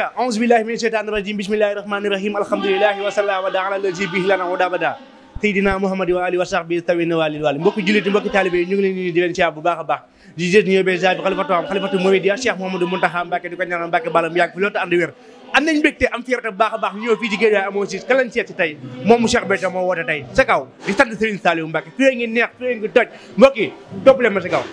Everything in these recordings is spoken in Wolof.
acca auzu billahi min sheytaani rajim bismillahi rahmani rahim alhamdulilahi wasalla wa da ala lazi bihi lana wa daba da seydina muhammad wa ali wa sahbi tawi na walil wali mbokki jullit mbokki taalibé yi ñu ngi leen nii di leen siyaar bu baax a baax di jët ñëw bee bi xalifatu am xalifatu muridiya cheikh mouhamadou muntaxa mbàkke di ko ñaanal mbàkke balam yàgg fi loolu te ànd wér am nañ mbégte am fierté bu baax a baax ñu ñëw fii ci géej waaye amoo siis ka lañ seet si tey moom mu Cheikh Béthio moo woote tey sa kaw di sant Serigne Saliou Mbacke fii ngi neex fii ngi toj mbokk yi topp leen ma sa kaw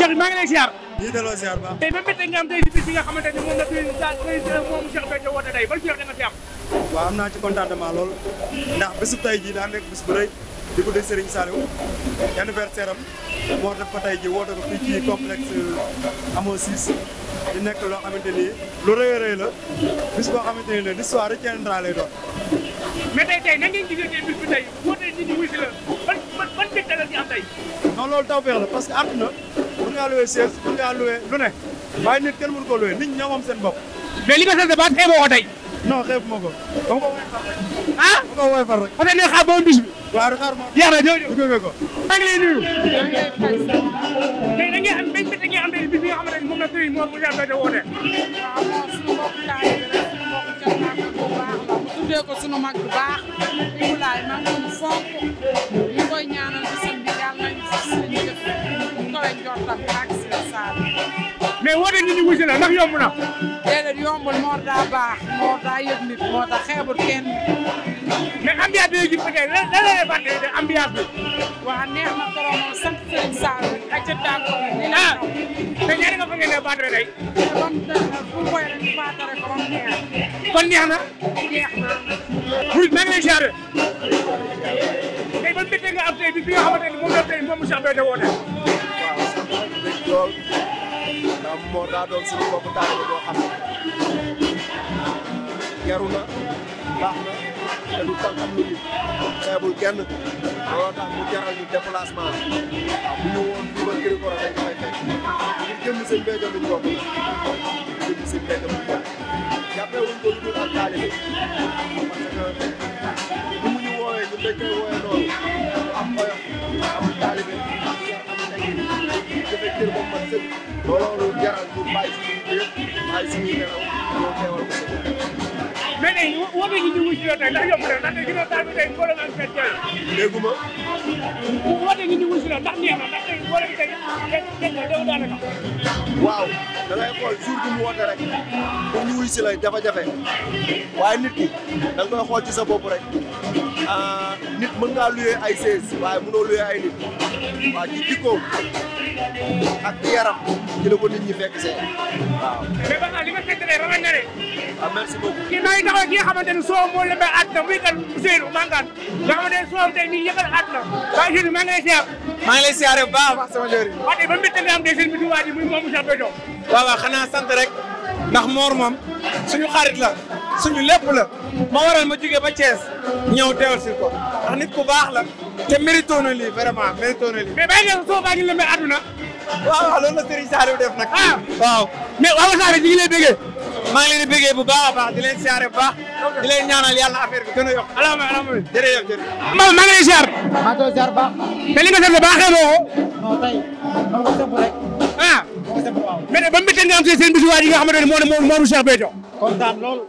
Cheikh maa ngi lay ziar. lii delloo ziar ba. tey ba mbégte nga am tey si bis bi nga xamante ne moom la président président moom Cheikh Béthio woote tey ban Cheikh nga ci am. waaw am naa ci contentement lool ndax bés bu tey jii daan nekk bés bu rëy di guddi Serigne Saliou anniversaire am moo def ko tey ji woote ko fii ci complexe Hamo euh, di nekk loo xamante ni lu rëy a rëy la bis boo xamante ni la l'histoire retiendra lay doon. mais tey tey na ngeen gisee tey bi tey boo tey nit ñi la ban ban ban mbégte la ñu am tey. non loolu tawfeex la parce que àdduna mën ngaa loué chaise mën ngaa loué lu ne waaye nit kenn mënu ko loué nit ñi ñoo moom seen bopp. mais li nga seet la base non xeeb ah? ma ko. ba mu far rek. ah ba far rek. parce que bi. waaw xaar ma. jeex na jooju. duggee ko. maa ngi lay nuyu. tey da ngeen am mu laay a mag bu baax. Ibou Laye maa ngi doon si suñu jëf. bu ko wéy njortam ak si la mais woote nit ñi wuyu la ndax yomb na. déedéet yombul moo daa baax moo daa yëg nit moo tax xeebul kenn. mais ambiance bi yooyu gis nga lan lan la lay bi. waaw neex na trop moom sant Serigne Sall ak ca Dapho. ah te ñaari nga fa ngeen ne baatare tey. kon bu euh, koy rek baatare ko moom neex. kon neex na. neex na. Mouride maa ngi lay ziare. tey ban nga am tey bi nga xamante ne moom la tey moom mu Cheikh ndax moo daa doon suñu bopp taalibe boo xam ne na baax na te du tànk am lu ñu xeebul kenn looloo tax mu jaral ñu déplacement bu ñu woon du ba kiri koro dañ koy fekk ñu jëm seen béykat la jëm seen béykat luñ bokk ko lu dul ak taalibe parce que bu mu ñu woowee ñu dañ koy woowee noonu am oyof dafa cër boo mat sëkk loolu jaral ñu bàyyi suñuy yëpp bàyyi suñuy nelaw ñoo teewal ko mais tey woo nga ñu ñu wuyu si yow tey ndax yomb na ndax tey ginnaaw taal bi tey mbooloo nga am fekk tey. déggu ma. woote ñu ñu wuyu si la ndax neex na ndax tey boole bi teg teg nga déglu daanaka. waaw da ngay xool jour ñu wuy si jafe waaye nit ki da nga koy xool ci sa bopp rek ah, nit mën ngaa luyee ay seize waaye mënoo luyee ay nit waaw ci jikkoom ak yaram ci la ko nit ñi fekk see waaw. mais ba xam li ma seetlee rafet na de. waaw ah, merci beaucoup. ki nga xamante ni soo moo at na muy kat Seydou Mangane nga xamante ni soo tey nii yëgal at na waaye Seydou maa ngi baax sama njëriñ. waaw tey ba mu méttee nga am tey seen bitu waa muy moomu Cheikh Béthio. waaw waaw xanaa sant rek ndax Mor moom suñu xarit la suñu lépp la ma waral ma jógee ba Thiès ñëw teewal si ko ndax nit ku baax la te mérito na lii vraiment mérito na lii. mais soo baa ngi lëmbee àdduna waaw waaw loolu la Serigne Saliou def nag. Ah, waaw mais waaw Wassare ñu ngi lay bëggee. maa ngi leen di bëggee bu baax a baax di leen siyaare bu baax. di leen ñaanal yàlla affaire bi gën a yokku. alhamdulilah alhamdulilah jërëjëf jërëjëf. maa ngi lay siyaar. maa ngi lay siyaar baax. te li nga seetlu baaxee boo ko. non tey man ko sëb rek. ah. mais nag ba mu méttee nga am si seen bisuwaay yi nga xamante ne moo ne moom moomu Cheikh Béthio. kontaan lool.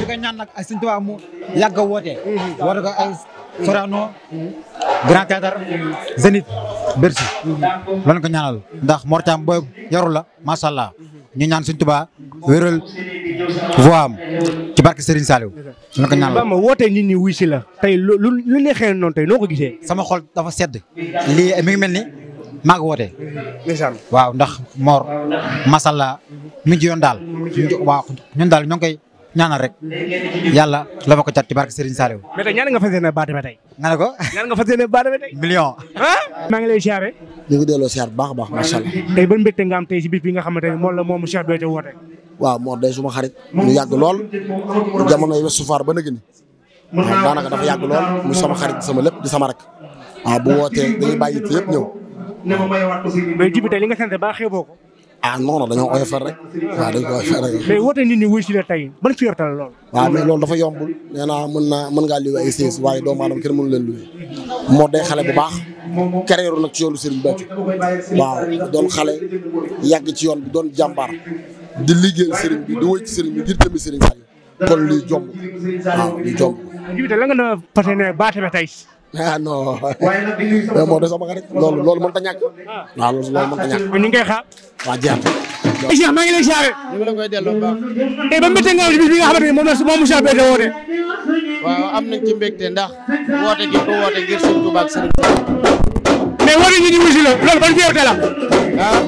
ñu ko ñaan nag ak Serigne Touba mu yàgg a woote. Mhm. woote ko ay Sorano Grand Théâtre Zénith Bercy loolu ko ñaanal ndax Mor Thiam booy yaru la macha allah ñu ñaan suñ Tuubaa wéral voix am ci barke Serigne loolu ko ñaanal. Bamba woote nit ñi wuy la tey lu lu neexee noonu tey noo ko gisee. sama xol dafa sedd li mi ngi mel ni maa woote. waaw ndax Mor macha allah mi ngi yoon daal. waaw daal ñoo ngi ñaanal rek yàlla la ma ko cat ci barke Serigne Saliou. mais tey ñaan nga fas yéene ne baatame tey. million. maa ngi lay siyaare. ñu ngi delloo siyaar baax a baax macha allah. tey ban mbégte nga am si bis nga xamante moom la moomu Cheikh Béthio woote. waaw Mor day suma xarit. ñu yàgg lool jamono yi Ouest Foire ba nag ni. daanaka dafa yàgg lool muy sama xarit sama lépp di sama rek. waaw bu wootee dañuy bàyyi it yëpp ñëw. ah non non dañoo oyofal rek waaw dañ ko oyofal rek. mais woote nit ñi wuy si la tey ban fierté la lool. waaw mais loolu dafa yombul nee naa mën naa mën ngaa luwe ay waaye doomaa aadama kenn mënu leen luwe moo day xale bu baax kereeru nag ci yoonu Serigne Béthio waaw doon xale yàgg ci yoon bi doon jàmbaar di liggéeyal Serigne bi di wëy ci Serigne bi ngir tamit kon lii jomb waaw lii jomb. jiw la nga doon fas ba tey ah moo de sama xarit loolu loolu mënta ñàkk waaw ah, loolu ah, mënta ñàkk. Ah, ñu ngi koy xaar. waaw jeex na. Cheikh maa ngi lay siyaare. moom la moom Cheikh waaw am na ci mbégte ndax woote gi woote ngir Sëriñ Tuubaa ak Sëriñ mais woote ñu ni la loolu ban teewte la. waaw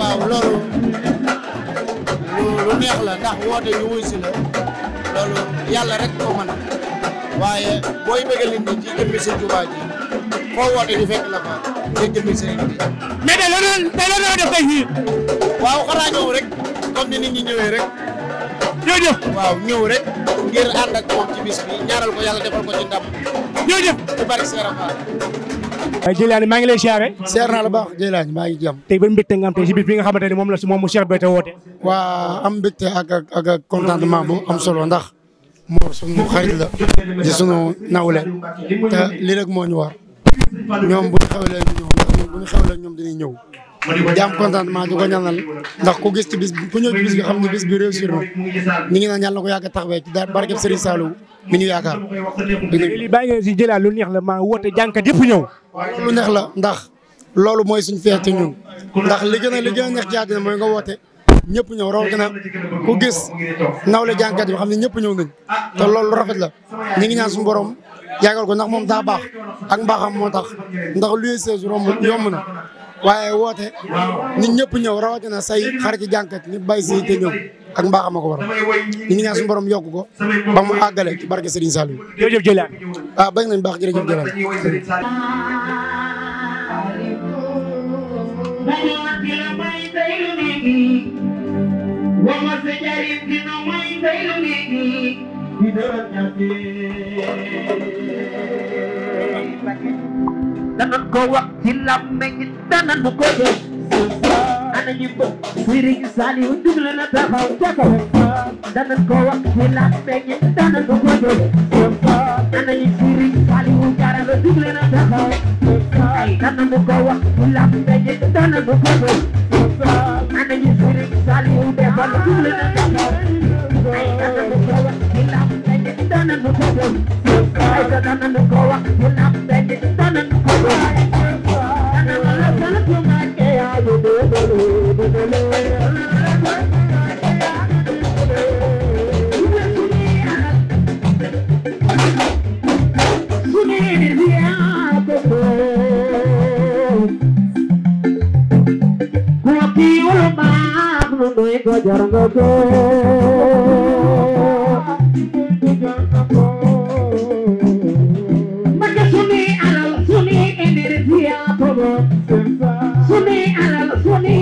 waaw loolu neex la ndax woote ñu wuyu la loolu yàlla rek ko mën waaye booy bëggal nit ñi ci jëmmi sëñ Tuubaa ji foo woote ñu fekk la fa te jëmmi sëñ bi. mais de loolu de loolu la def tey waaw xanaa ñëw rek comme ni nit ñi ñëwee rek. jërëjëf waaw ñëw rek ngir ànd ak moom ci bis bi ñaaral ko yàlla defal ko ci ndam. jërëjëf ci bari seera fa. Jëlaani maa ngi lay siyaare. seer naa la baax Jëlaani maa ngi jàmm. tey ban mbégte nga am tey si bis bi nga xamante ne moom la si moom mu Cheikh Béthio woote. waa am mbégte ak ak ak am solo ndax. moom suñu xarit la di suñu nawle te lii rek moo ñu war ñoom bu ñu xewlee ñu ñoom dañuy ñëw di am contentement di ko ñaanal ndax ku gis ci bis ku ñëw ci bis bi xam ne bis bi réussir na ñu ngi na yàlla na ko yàgg a taxawee ci barkeb Serigne Saliou mi ñu yaakaar. lii bàyyi ngeen si jëlaat lu neex la maa woote jànkat yëpp ñëw. lu neex la ndax loolu mooy suñu fierté ñun ndax li gën a li gën a neex ci mooy nga woote. ñëpp ñëw rawatina ku gis nawle jànkat xam ne ñëpp ñëw nañ te loolu rafet la ñu ngi ñaan suñu borom yàggal ko ndax moom daa baax ak mbaxam moo tax ndax luy sees romb yomb na waaye woote nit ñëpp ñëw rawatina say xarit jànkat nit bàyyi si te ñëw ak mbaaxam moo ko waral ñu ngi ñaan suñu yokk ko ba mu àggale ci barke Serigne Saliou. nañ baax jërëjëf Jëlaan. wama sa jarin dina may taylu léegi di doon ñafe danan ko wax ci làmmeñ danan bu ko def ana ñu bëgg sëriñ Saliou jugle na taxaw ca kaw dana ko wax ci laaj meññ dana ko ko jóg ana ñu sëriñ Saliou jaarale jugle na taxaw dana mu ko wax ci laaj meññ dana ko ko jóg ana ñu sëriñ Saliou defal jugle na taxaw dana mu ko wax ci laaj meññ dana ko ko jóg dana mu ko wax ci laaj meññ dana ko ko jóg ko jar nga ko maka suni alal suni energia pogo suni alal suni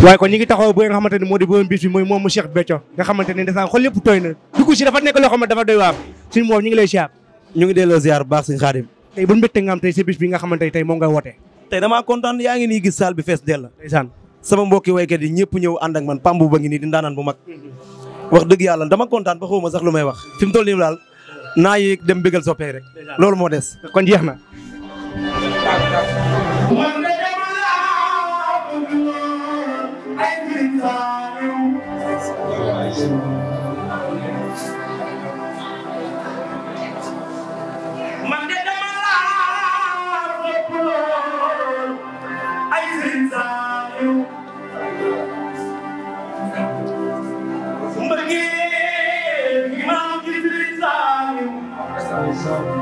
waaye kon ñi ngi taxaw bu nga xamante ni moo di borom bis bi mooy moom mu Cheikh Béthio nga xamante ni desaan xol lépp tooy na dugg si dafa nekk loo xam ne dafa doy waar suñu moom ñu ngi lay ziar ñu ngi delloo nga am tey si kontaan yaa ngi nii gis salle bi fees dell ndeysaan sama mbokki waykat yi ñëpp ñëw ànd man pambu ba ngi nii di ndaanaan bu mag wax dëgg yàlla dama kontaan ba xawma sax lu may wax fi mu toll nii daal naa yéeg dem bégal soppee rek loolu moo des kon jeex na saaliw mbëggeel gi maam ci sëriñ saaliw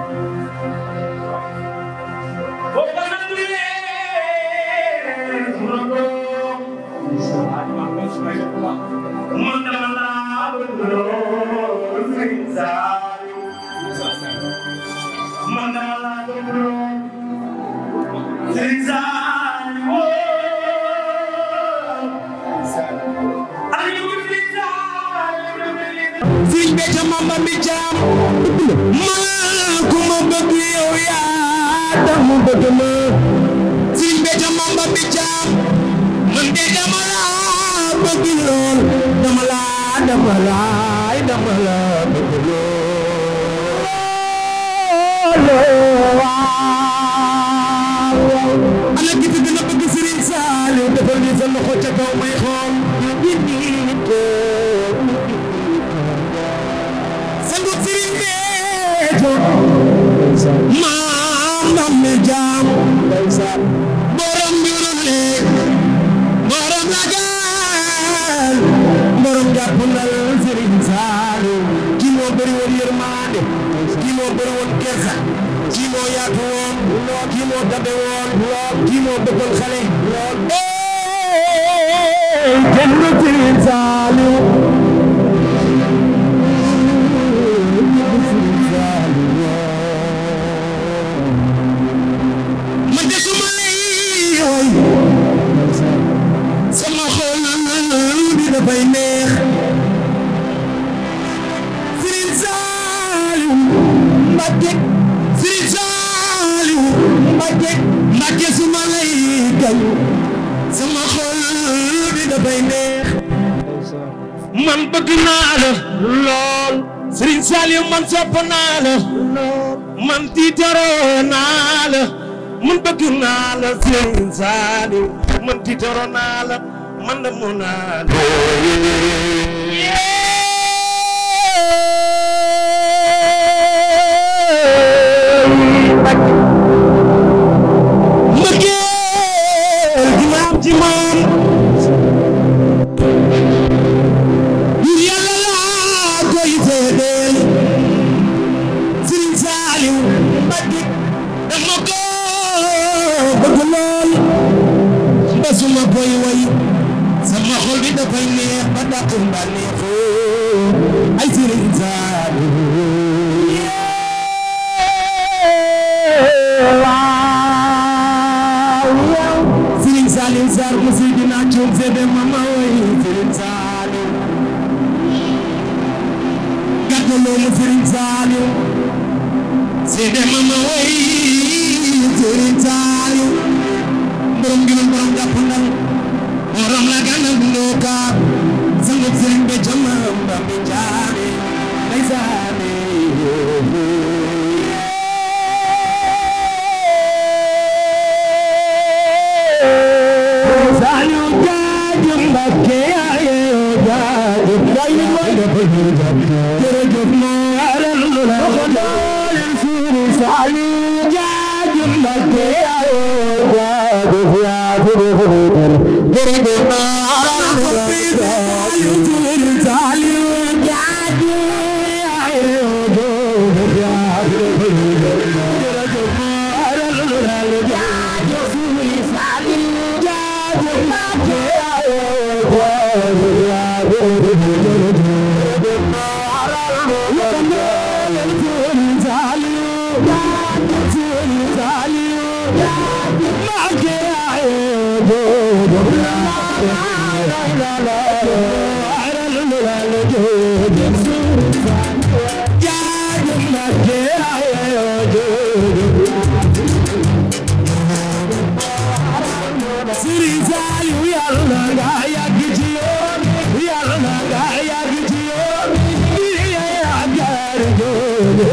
Yeah,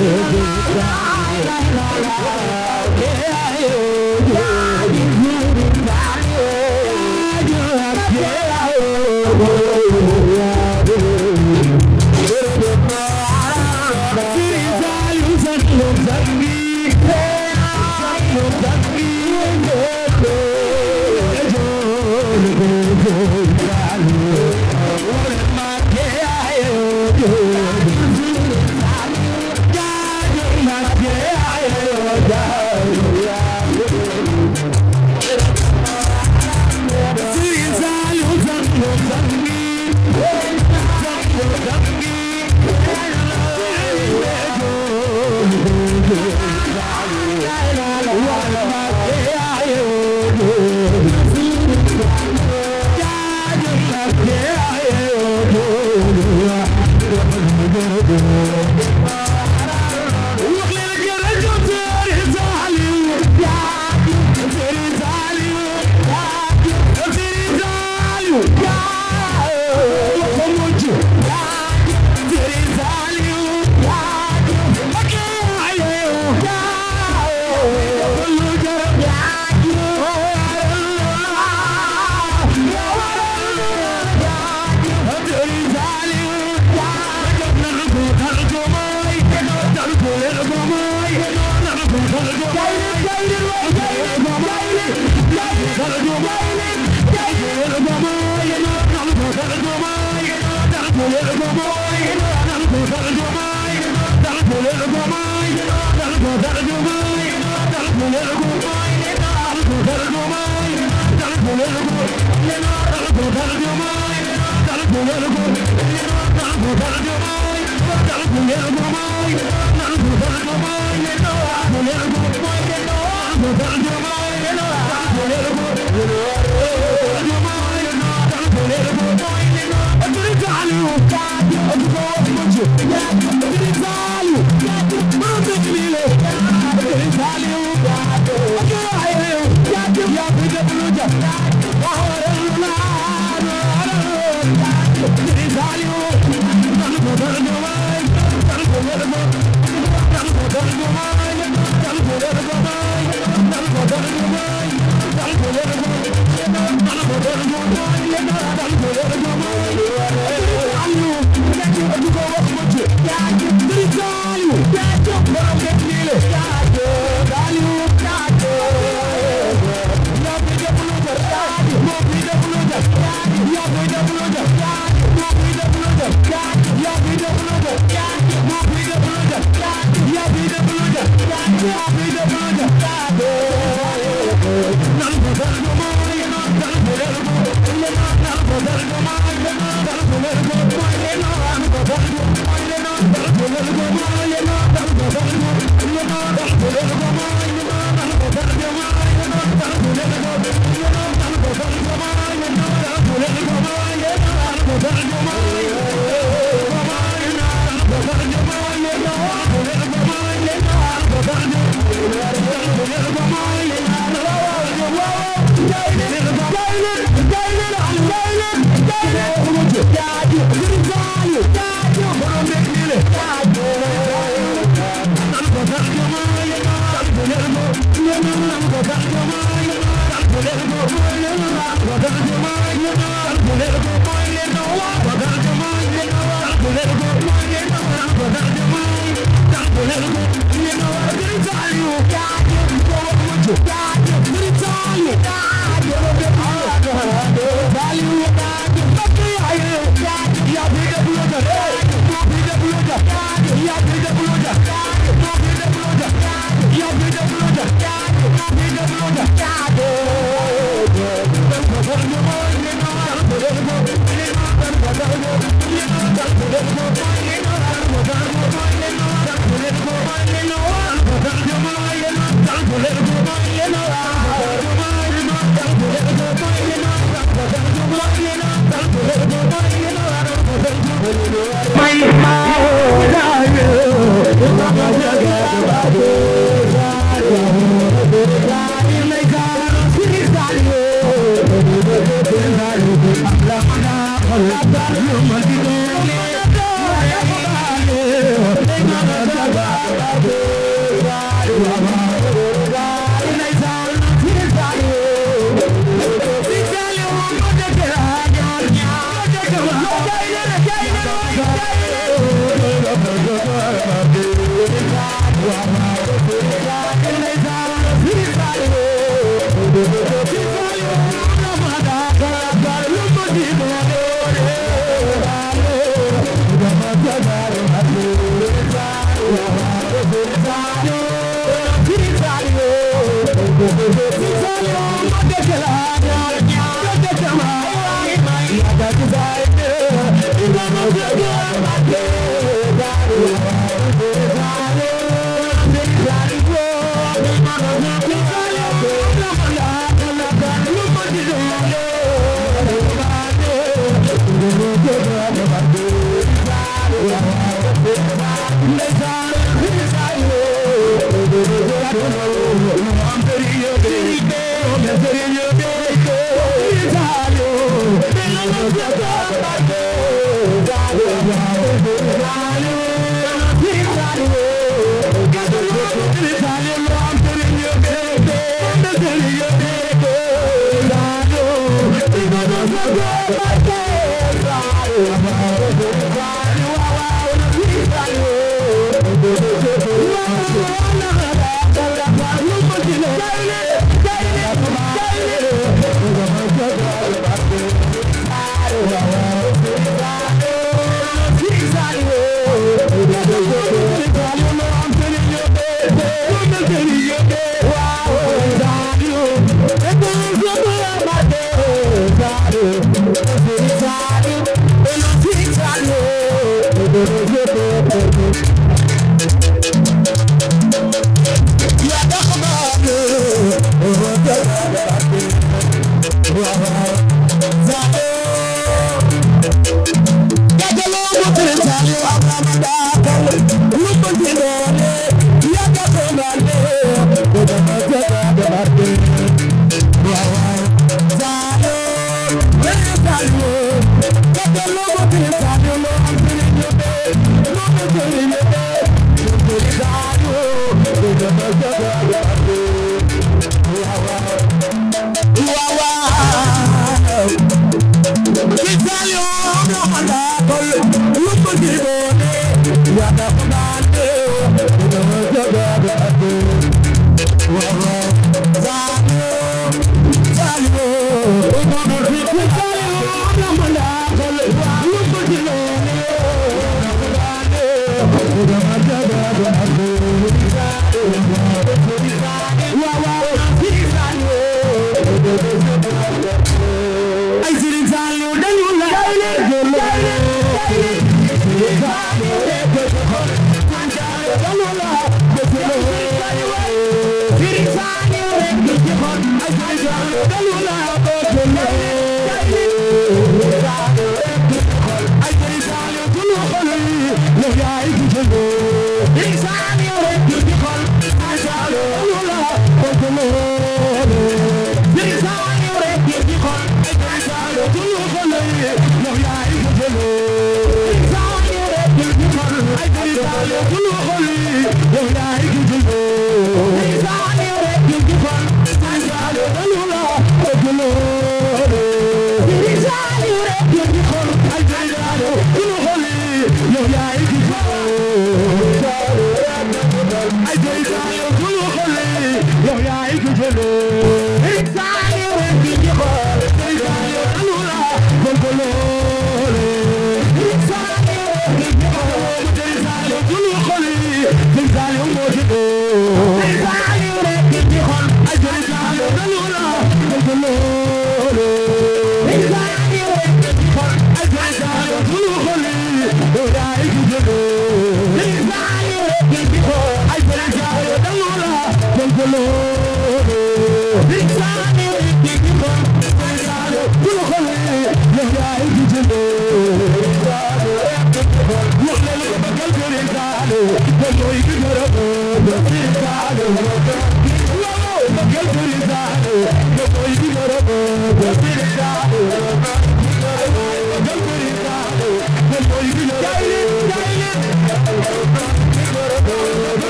yeah, yeah.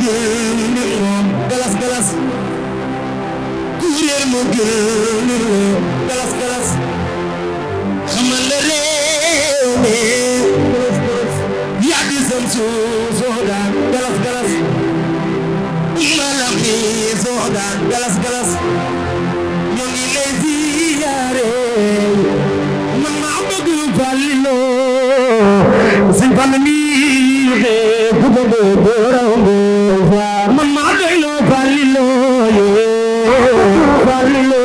gën galas galas kuréel moo gën galas galas xamal la réew mi yaa di sam soo daan galas galas malam bi soo daan galas galas ñoo ngi lay ziyaare man maa bëgg Falliloo si fan mi Hallelujah.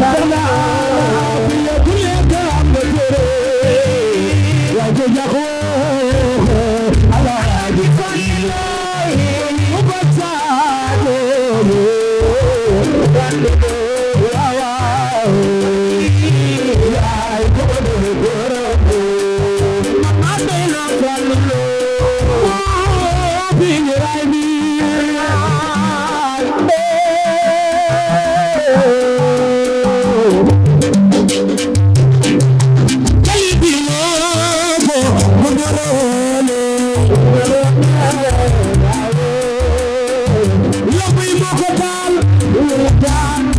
Bernard Look, we look upon, we look down.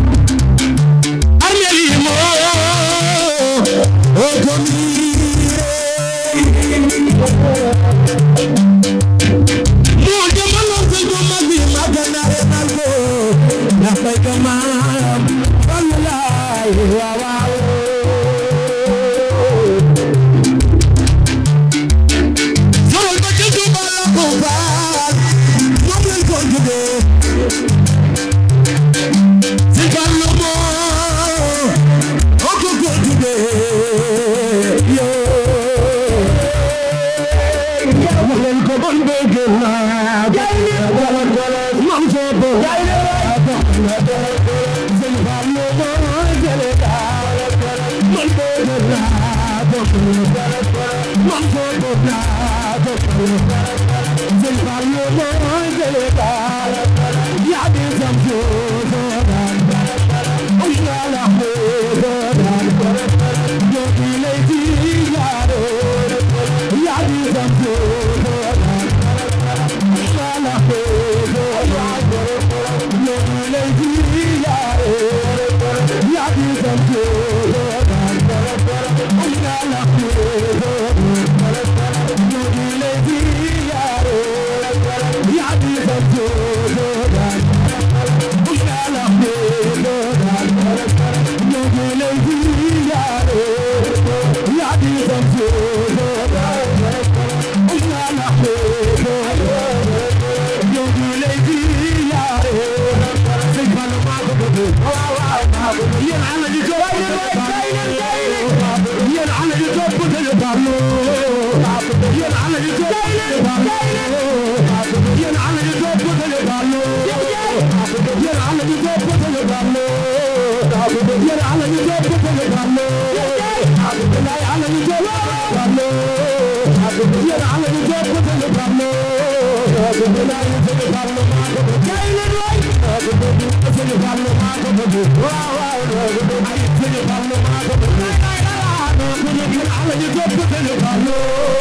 Pablo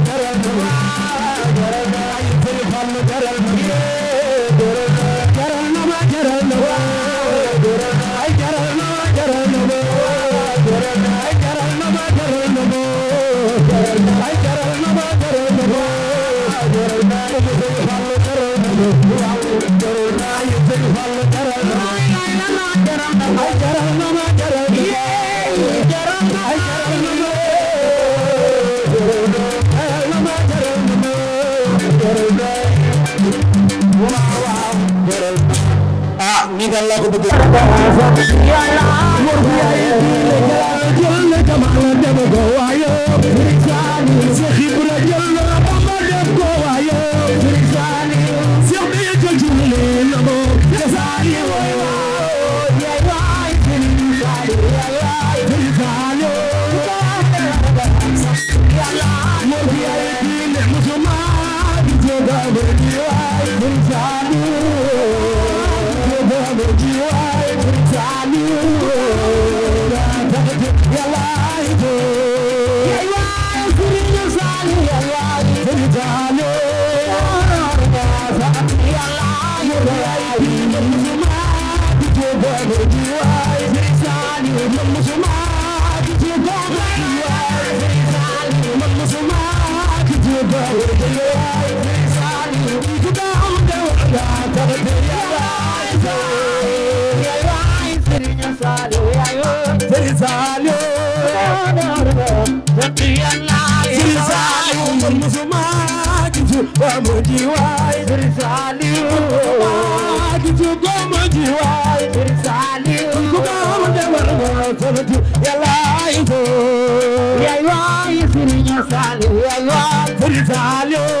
Sénégal laa ko bëgg yàlla wor bu yaay di le jël le jamaal dem ko waaye gomoji waay Serigne Saliou waa gisu gomoji waay Serigne Saliou ku ko defar nga sabati yàlla ay so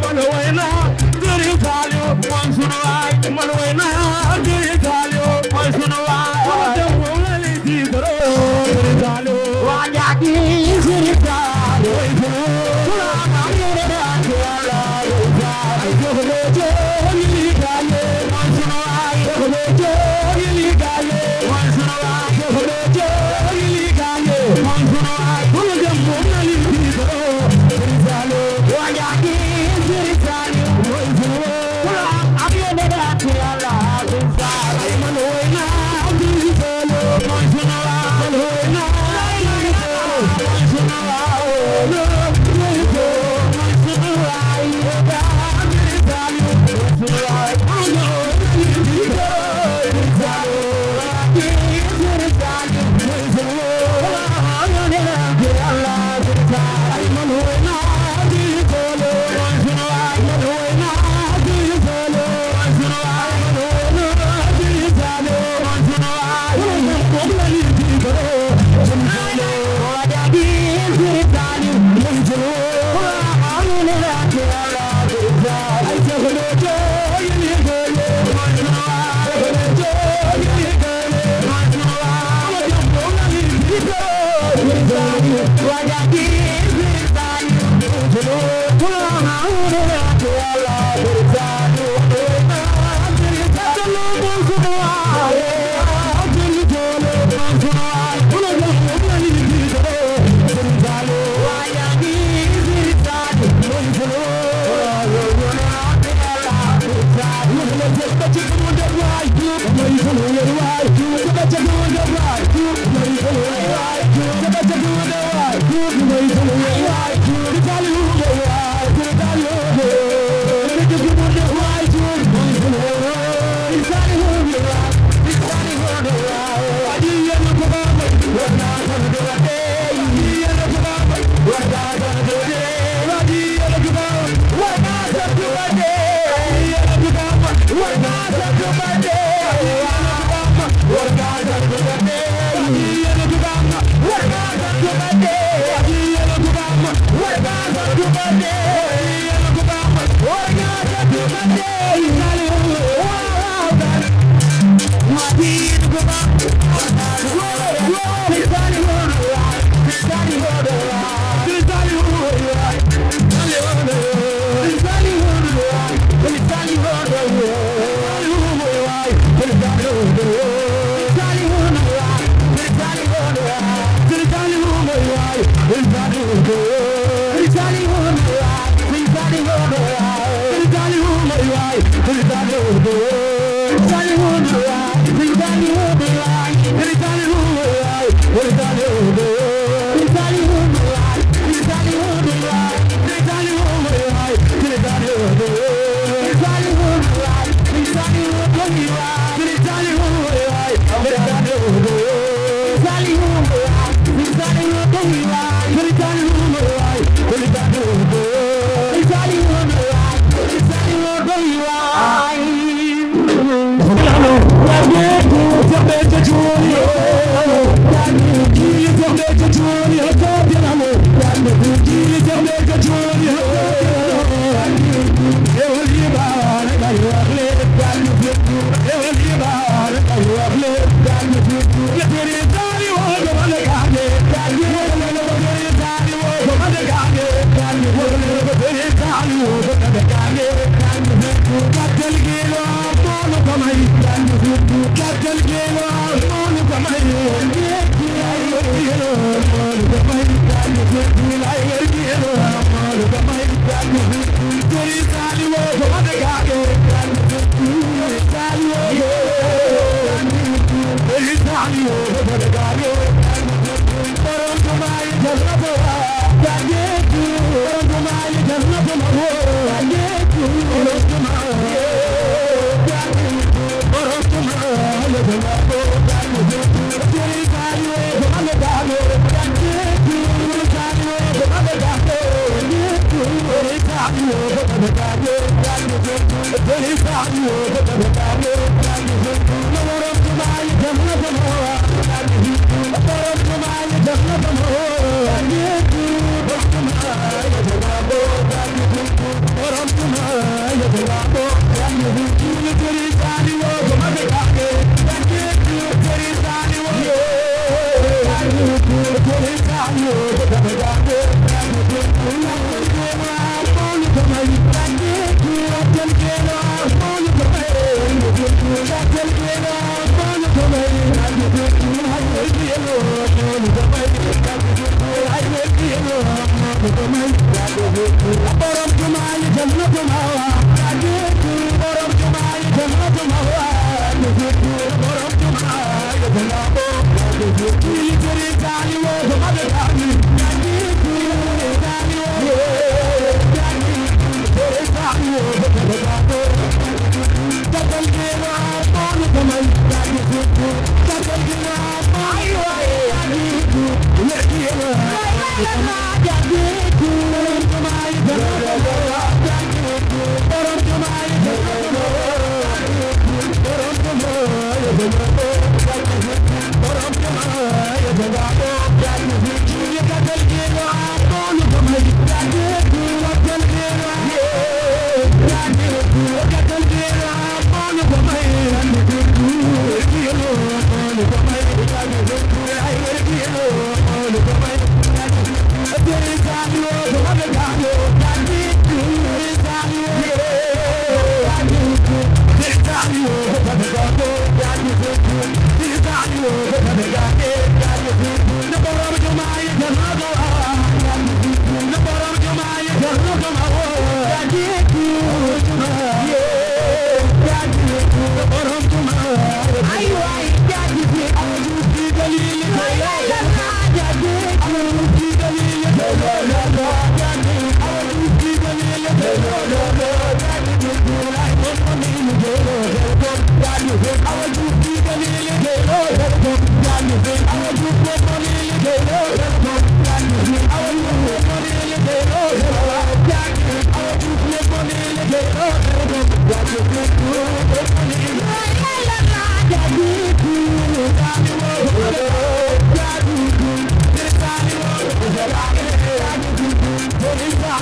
Thank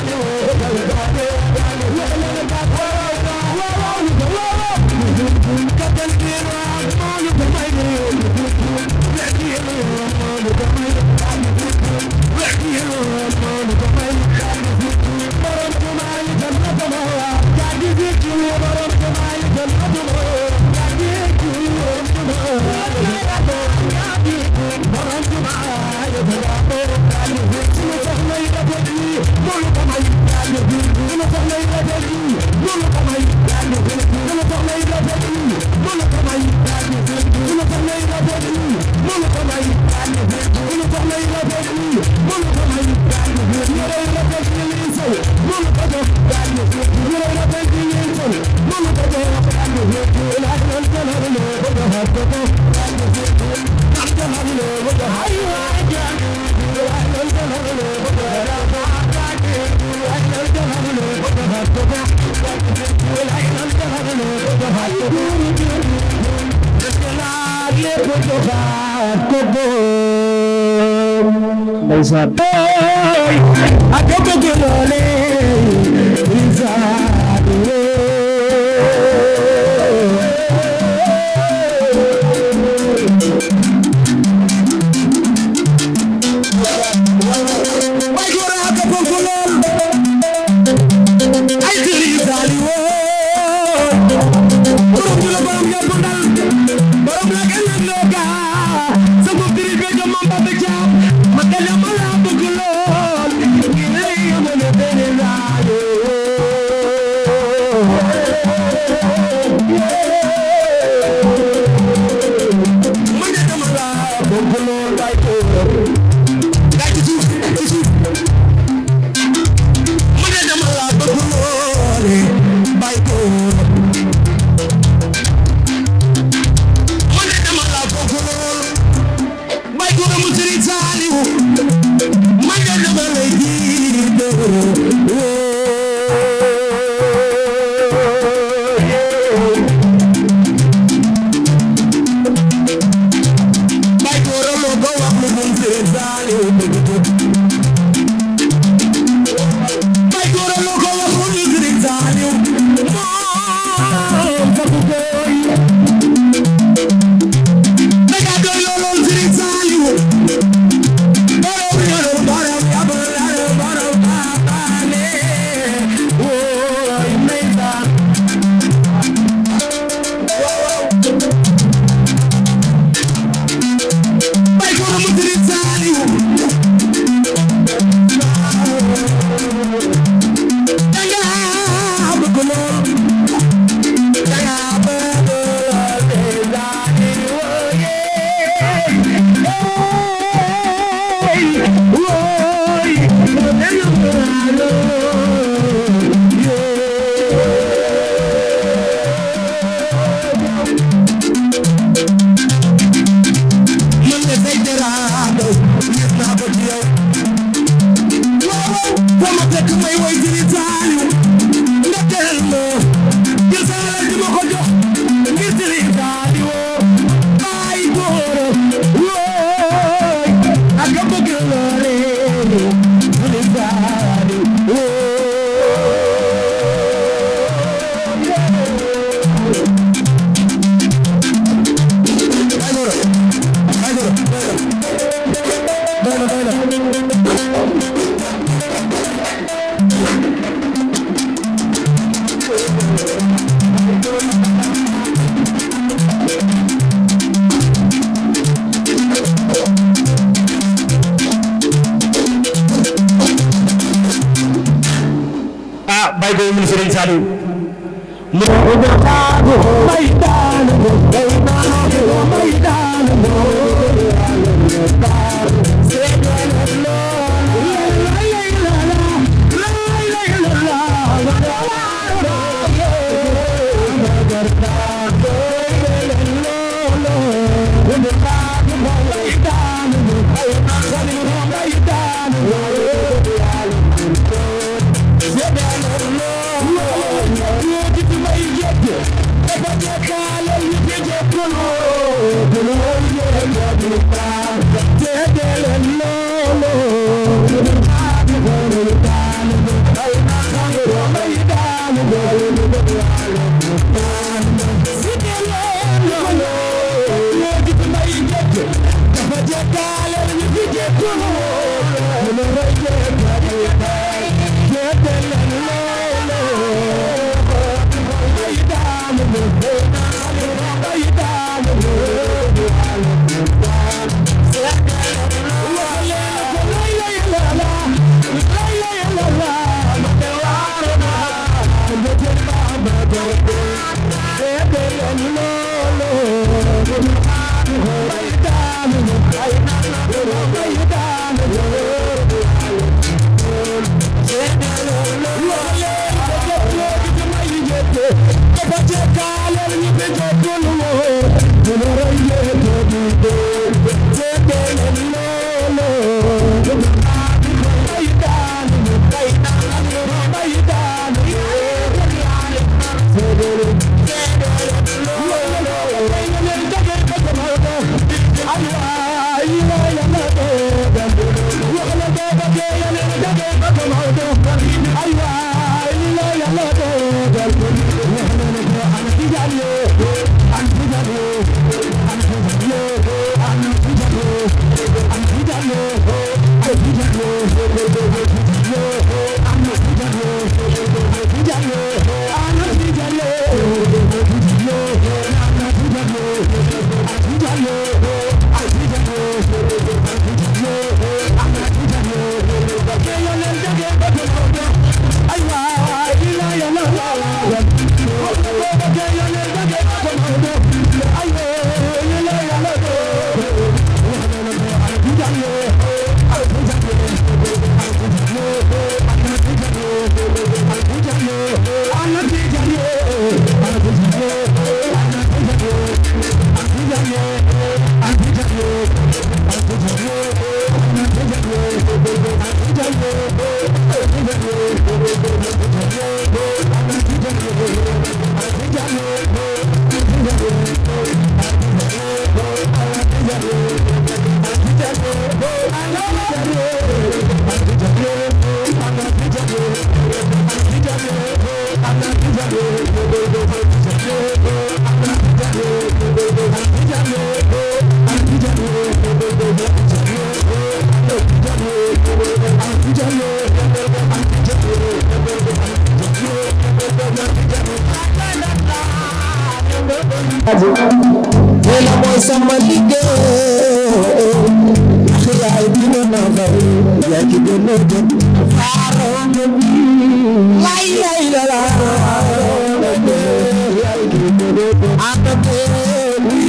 you. Ndeysaan Hallelujah. I've been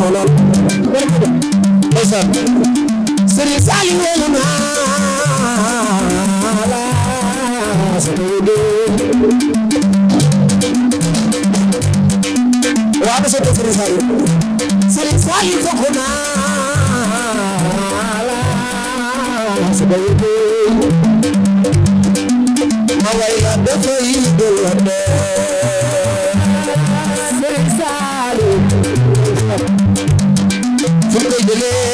moo lool ndeysaan Serigne Saliou wolu naa la sa tuudu waa ba soto Serigne Saliou Serigne Saliou fokk naa la sa tuudu ma way la dafay dul la dee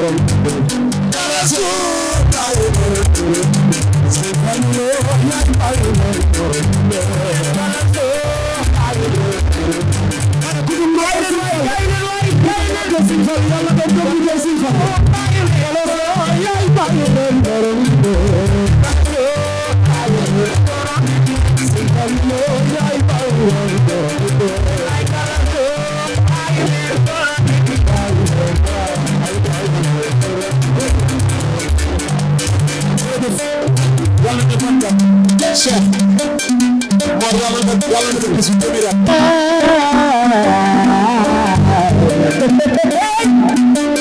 borom dara so taw se fanu na bayu Yalla do ko do sin fa. Yalla do ko do sin fa. Cheikh mooy yàlla na yàlla na gis bu mi la